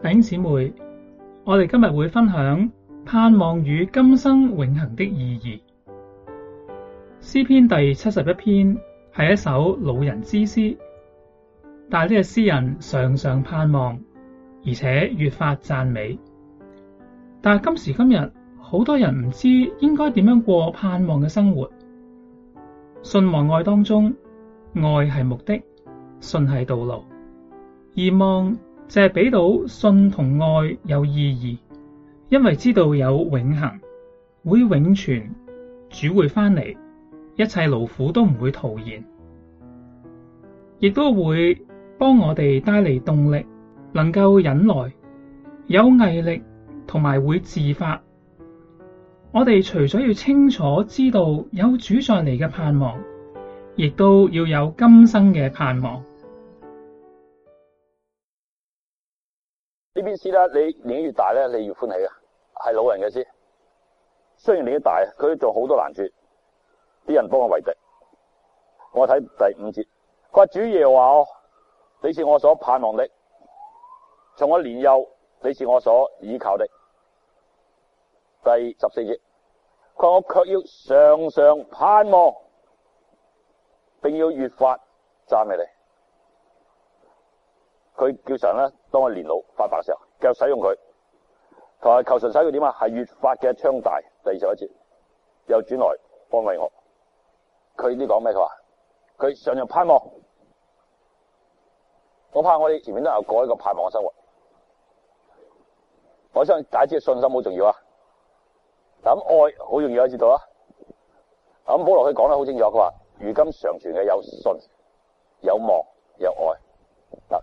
弟兄姊妹，我哋今日會分享盼望與今生永恒的意義。詩篇第七十一篇係一首老人之詩，但係呢個詩人常常盼望，而且越發讚美。但係今時今日，好多人唔知應該點樣過盼望嘅生活。信望愛當中，愛係目的，信係道路，而望，就係俾到信同愛有意義，因為知道有永恒，會永存，主會返嚟，一切勞苦都唔會徒然，亦都會幫我哋帶嚟動力，能夠忍耐，有毅力同埋會自發。我哋除咗要清楚知道有主再嚟嘅盼望，亦都要有今生嘅盼望。呢邊詩啦，你年紀越大咧，你越歡喜啊，係老人嘅詩。雖然年紀大，佢都做好多難處，啲人幫我為敵。我睇第五節，個主耶話：「你是我所盼望的，從我年幼，你是我所倚靠的。第十四節：「佢我卻要常常盼望，並要越發讚美你。佢叫神咧，當我年老髮白嘅時候，繼續使用佢同埋求神使佢點啊？係越發嘅強大。第二十一節又轉來安慰我。佢呢講咩？佢話佢常常盼望。我怕我哋前面都有過一個盼望嘅生活。我相信，第一信心好重要啊。咁愛好重要，我知道啊。咁保羅佢講得好清楚，佢話：如今常存嘅有信、有望、有愛。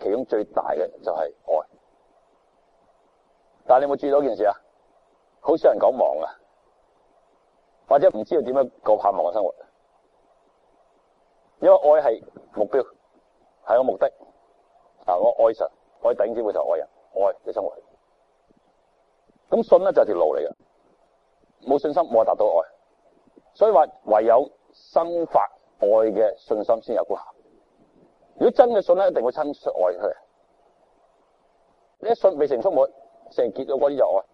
其中最大嘅就係愛，但係你有冇注意到一件事啊？好少人講忙啊，或者唔知道點樣過盼望嘅生活，因為愛係目標，係我目的啊！我愛神，愛頂之輩就係愛人，愛嘅生活。咁信呢就係、是、條路嚟嘅，冇信心冇達到愛，所以話唯有生發愛嘅信心先有功效。如果真嘅信咧，一定會親出外去，呢一信未成出門，成結咗嗰啲就愛。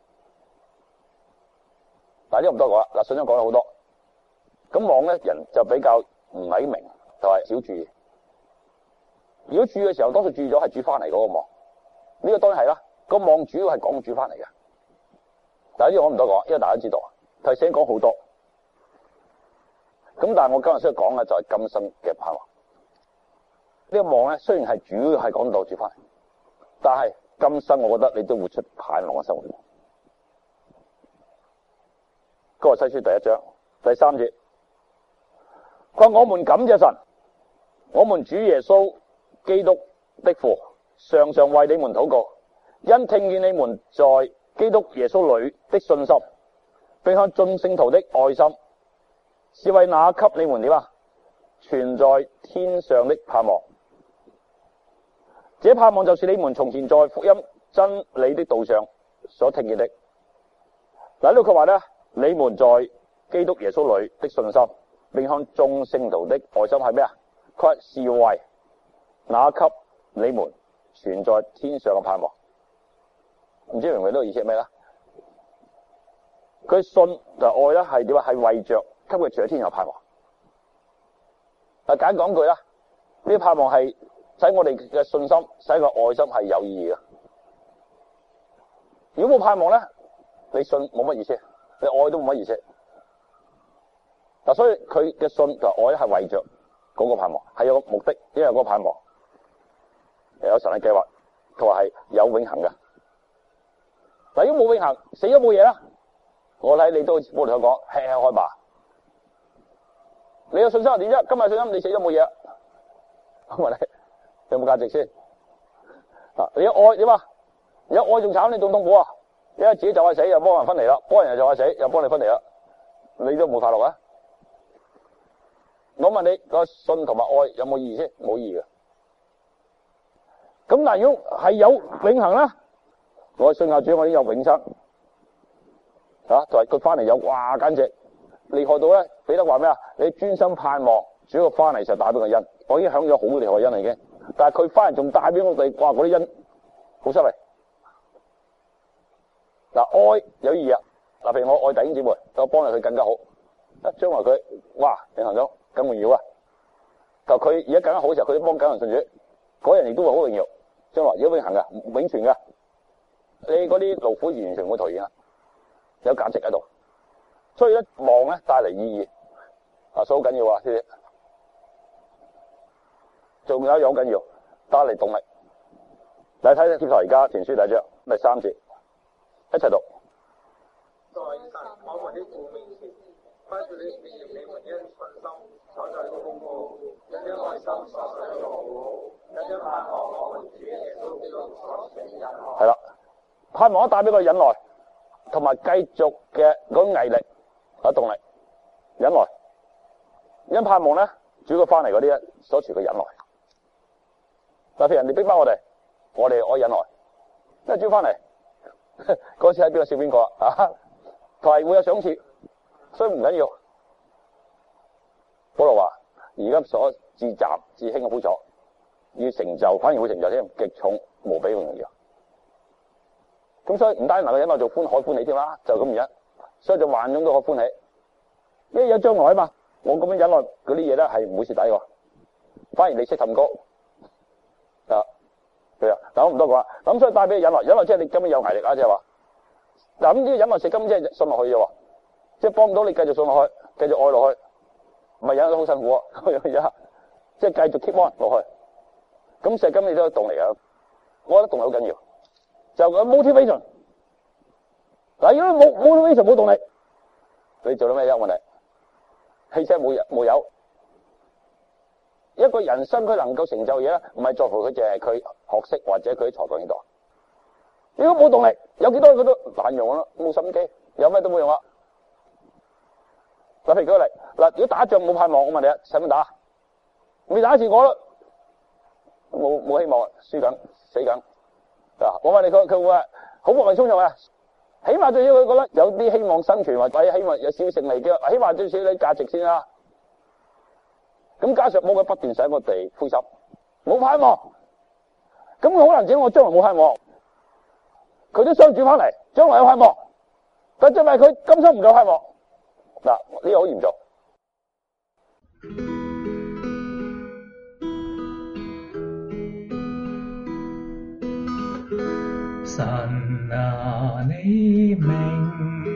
但係呢啲唔多講啦。嗱，信都講咗好多。咁望咧，人就比較唔係明，就係、是、少注意。如果住嘅時候，多數住咗係煮翻嚟嗰個望。呢、這個當然係啦，那個望主要係講煮翻嚟嘅。但係呢個我唔多講，因為大家知道啊，頭先講好多。咁但係我今日想要講嘅就係今生嘅盼呢個望咧，雖然係主要係講到主翻，但係今生我覺得你都活出盼望嘅生活。哥西書第一章第三節，佢話我們感謝神，我們主耶穌基督的父，常常為你們禱告，因聽見你們在基督耶穌裏的信心，並向眾聖徒的愛心，是為那給你們點啊？存在天上的盼望。這盼望就是你們從前在福音真理的道上所聽見的。嗱，呢度佢話咧，你們在基督耶穌裏的信心並向的，並向眾聖徒的愛心係咩啊？佢是為那給你們存在天上嘅盼望。唔知明唔明呢個意思係咩啦？佢信就愛呢係點啊？係為着給佢存在天上盼望。嗱，簡講句啦，呢盼望係。使我哋嘅信心，使我們的愛心是有意義的。如果冇盼望呢，你信冇乜意思，你愛都冇乜意思。所以佢嘅信就愛係為着嗰個盼望，係有個目的，因為嗰個盼望有神嘅計劃，同埋係有永恒嘅。嗱，如果冇永恒，死都冇嘢啦。我睇你都冇同我輕係開吧。你有信心係點啫？今日信心，你死都冇嘢。我問有冇價值先？你愛怎愛你洞洞洞啊！你愛點啊？有愛仲慘，你仲痛苦啊？因為自己就去死又幫人分離啦，幫人死又就去死又幫你分離啦，你都冇快樂啊？我問你、嗰個信同埋愛有冇意義先？冇意義嘅。咁但係如果係有永恒啦，我信靠主，我已經有永生吓。就係佢翻嚟有哇，簡直厲害到咧彼得話咩啊？你專心盼望主個翻嚟就打俾個印，我已經響咗好厲害印啦，已經。但係佢翻嚟仲帶俾我哋，掛嗰啲恩好失禮。嗱，愛有意義啊！嗱，譬如我愛弟兄姊妹，就幫你佢更加好。將來佢哇，你行咗，咁重要啊！就佢而家更加好嘅時候，佢都幫緊人信主，嗰人亦都會好榮耀。將來一定會行嘅，永存㗎，你嗰啲勞苦完全唔會徒然，有價值喺度。所以盼望呢帶嚟意義，啊，所以好緊要啊，謝謝仲有一樣好緊要，打看看帶嚟動力。嚟睇睇貼台而家前書第一章，第三節一齊讀。係啦，盼望帶畀個忍耐，同埋繼續嘅嗰啲毅力、嗰啲動力忍耐。因盼望呢，主要返嚟嗰啲啊所存嘅忍耐。但係人哋逼翻我哋，我哋可以忍耐，今日轉翻嚟，嗰次喺邊個笑邊個啊？吓、啊，佢會有賞賜所以唔緊要。保羅話：而家所至暫至輕嘅苦楚，要成就反而會成就添，極重無比容易。咁所以唔單能夠忍耐做歡海歡喜添啦，就咁而家，所以就萬種都可歡喜，因為有將來啊嘛。我咁樣忍耐嗰啲嘢咧，係唔會蝕底嘅，反而利息甚高。佢啊，咁唔多講啦，咁所以帶俾你忍落。忍落即係你根本有毅力啊，即係話，嗱咁啲忍落石金即係信落去咋喎，即係幫唔到你繼續信落去，繼續愛落去，唔係忍得好辛苦啊，即係繼續 keep on 落去，咁石金你都有動力啊，我覺得動力好緊要，就是、motivation 嗱，如果冇 motivation 冇動力，你做咗咩有問題？汽車冇冇油。一個人生佢能夠成就嘢咧，唔係在乎佢淨係佢學識，或者佢才幹呢度。如果冇動力，有幾多佢都難用咯，冇心機，有咩都冇用啦。舉個例嚟嗱，如果打仗冇盼望，我問你，使唔使打啊？未打住我咯，冇冇希望啊，輸緊死緊。我問你佢佢會好望嚟衝撞啊？起碼最少，佢覺得有啲希望生存，或者希望有少成嚟嘅，起碼最少你價值先啦、啊。咁加上冇佢不斷使我哋灰心冇盼望。咁好難整我將來冇盼望，佢都相轉翻嚟，將來有盼望，但就係佢今生唔夠盼望，嗱呢、這個好嚴重。神啊，你明。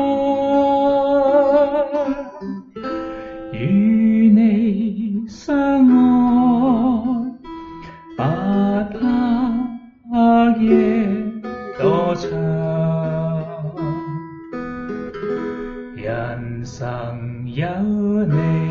人生有祢。